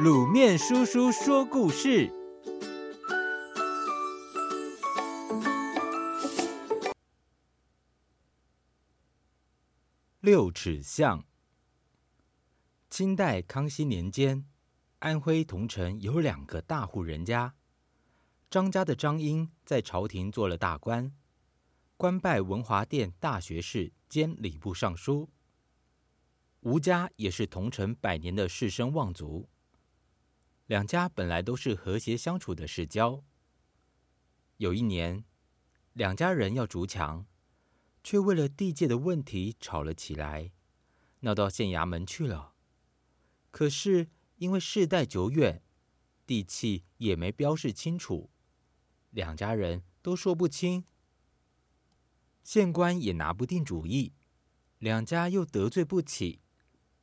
滷麵叔叔說故事：六尺巷。清代康熙年間，安徽桐城有兩個大戶人家，張家的張英在朝廷做了大官，官拜文華殿大學士兼禮部尚書。吳家也是桐城百年的士紳望族。兩家本來都是和諧相處的世交。有一年，兩家人要築牆，卻為了地界的問題吵了起來，鬧到縣衙門去了。可是因為世代久遠，地契也沒標示清楚，兩家人都說不清。縣官也拿不定主意，兩家又得罪不起，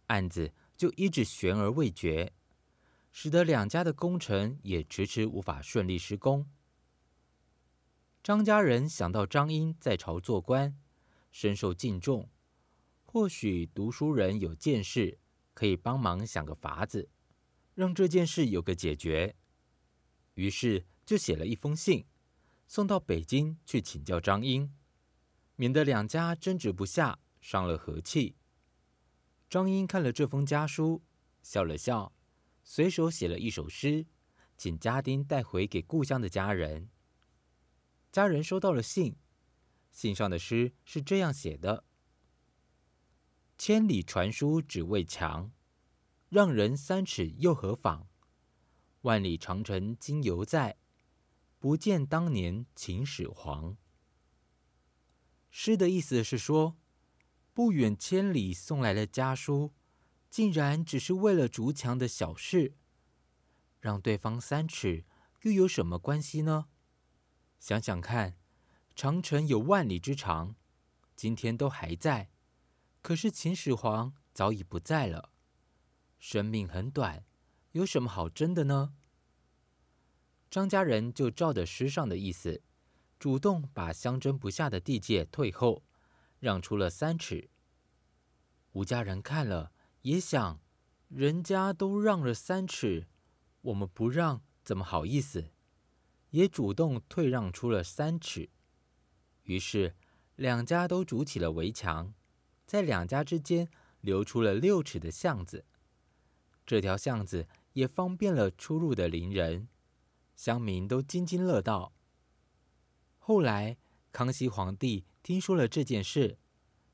案子就一直懸而未決。使得兩家的工程也遲遲無法順利施工。張家人想到張英在朝做官，深受敬重，或許讀書人有見識，可以幫忙想個法子，讓這件事有個解決。於是就寫了一封信，送到北京去請教張英，免得兩家爭執不下，傷了和氣。張英看了這封家書，笑了笑。隨手寫了一首詩，請家丁帶回給故鄉的家人。家人收到了信，信上的詩是這樣寫的：“千里傳書只為牆，讓人三尺又何妨？萬里長城今猶在，不見當年秦始皇。”詩的意思是說，不遠千里送來了家書。竟然只是為了築牆的小事，讓對方三尺，又有什麼關係呢？想想看，長城有萬里之長，今天都還在，可是秦始皇早已不在了。生命很短，有什麼好爭的呢？張家人就照着詩上的意思，主動把相爭不下的地界退後，讓出了三尺。吳家人看了。也想，人家都讓了三尺，我們不讓怎麼好意思？也主動退讓出了三尺。於是兩家都築起了圍牆，在兩家之間留出了六尺的巷子。這條巷子也方便了出入的鄰人，鄉民都津津樂道。後來康熙皇帝聽說了這件事，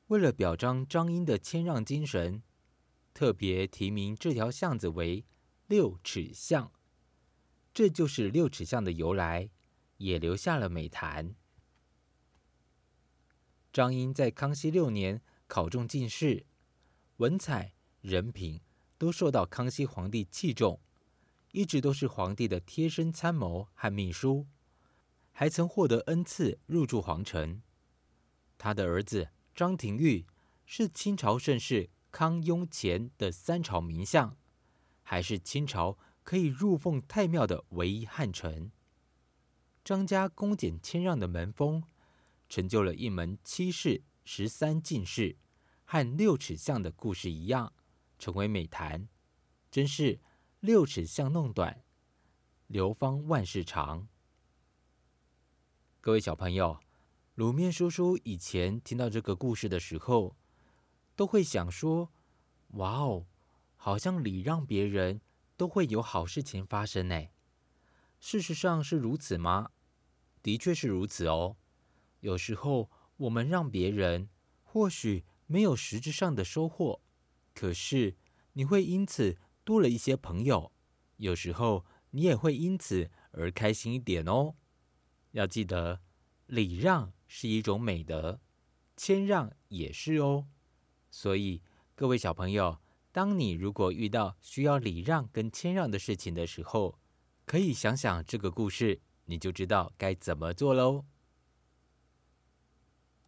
為了表彰張英的謙讓精神。特別提名這條巷子為六尺巷，這就是六尺巷的由來，也留下了美談。張英在康熙六年考中進士，文采、人品都受到康熙皇帝器重，一直都是皇帝的貼身參謀和秘書，還曾獲得恩賜入住皇城。他的兒子張廷玉是清朝盛世，康雍乾的三朝名相，還是清朝可以入奉太廟的唯一漢臣。張家恭儉謙讓的門風，成就了一門七世十三進士，和六尺巷的故事一樣，成為美談。真是六尺巷弄短，流芳萬世長。各位小朋友，滷麵叔叔以前聽到這個故事的時候，都會想說：“哇哦，好像禮讓別人都會有好事情發生呢。”事實上是如此嗎？的確是如此哦。有時候我們讓別人，或許沒有實質上的收穫，可是你會因此多了一些朋友。有時候你也會因此而開心一點哦。要記得，禮讓是一種美德，謙讓也是哦。所以，各位小朋友，當你如果遇到需要禮讓跟謙讓的事情的時候，可以想想這個故事，你就知道該怎麼做嘍。